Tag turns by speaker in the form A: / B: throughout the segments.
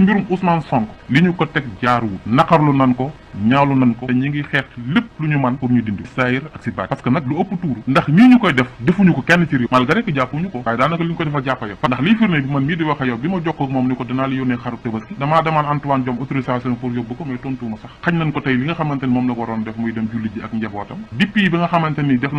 A: mbirum Ousmane Sonko li ñu ko teg jaaruwut naqarlu nan ko ñaawlu nan ko te ñi ngi xeex lépp lu ñu man pour ñu dindi saayir ak si baat parce que nag lu ëpp tuuru ndax ñii koy def defuñu ko kenn ci réew malgré que jàppuñu ko waaye daanaka li ñu ko defal jàpp yow ndax liy firnde bi man mii di wax yow bi ma jokkoo moom ni ko dinaa la yónnee xaru tabaski damaa demaan Antoine Diome autorisation pour yóbbu ko mais tontuuma sax xañ nañ ko tey li nga xamante moom la waroon def muy dem julli ji ak njabootam depuis bi nga xamante na a dem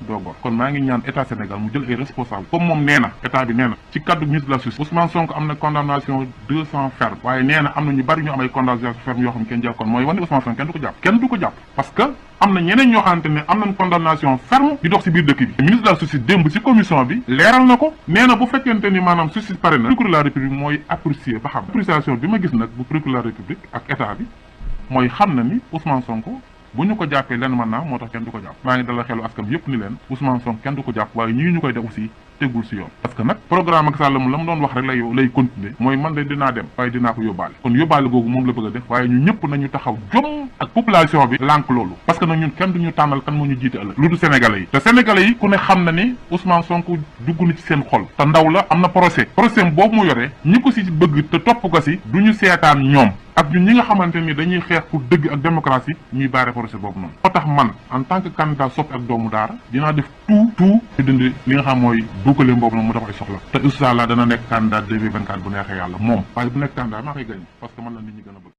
A: doo kon maa ngi ñaan état Sénégal mu jël ay responsable comme moom nee na état bi nee na ci kaddu ministre de la justice Ousmane Sonko am na condamnation deux cent ferme waaye nee na am na ñu bari ñu am ay condamnation ferme yoo xam kenn jël kon mooy wane Ousmane Sonko kenn du ko jàpp kenn parce que am na ñeneen ñoo ne am nañ condamnation ferme di dox ci biir dëkk bi ministre de la justice démb ci commission bi leeral na ko nee na bu fekkente ni maanaam justice pare na procureur de la république mooy apprécier bu ñu ko jàppee lenn mën naa moo tax kenn du ko jàpp maa ngi dalal xelu askan bi yëpp ni leen Ousmane Sonko kenn du ko jàpp waaye ñii ñu koy def aussi tegul si yoon parce nag programme Macky Sall mu la mu doon wax rek lay lay mooy man de dinaa dem waaye dinaa ko yóbbaale kon yóbbaale googu moom la bëgg a def waaye ñu ñëpp nañu taxaw jom ak population bi lànk loolu parce que nag ñun kenn duñu tànnal kan moo ñu jiite ëllëg lu du sénégalais yi te sénégalais yi ku ne xam na ni Ousmane Sonko dugg na seen xol te ndaw la am na procès procès boobu mu yore ñi ko si topp ko si duñu seetaan ñoom ak ñun ñi nga xamante ni dañuy xeex pour dëgg ak démocratie ñuy baare projet boobu noonu. moo tax man en tant que candidat soppi ak doomu daara dinaa def tout tout di dindi li nga xam mooy duukaleem boobu noonu mu def soxla te incha allah dana nekk candidat 2024 bu neexee yàlla moom waaye bu nekk candidat maa koy gañ parce man la nit ñi gën a bëgg.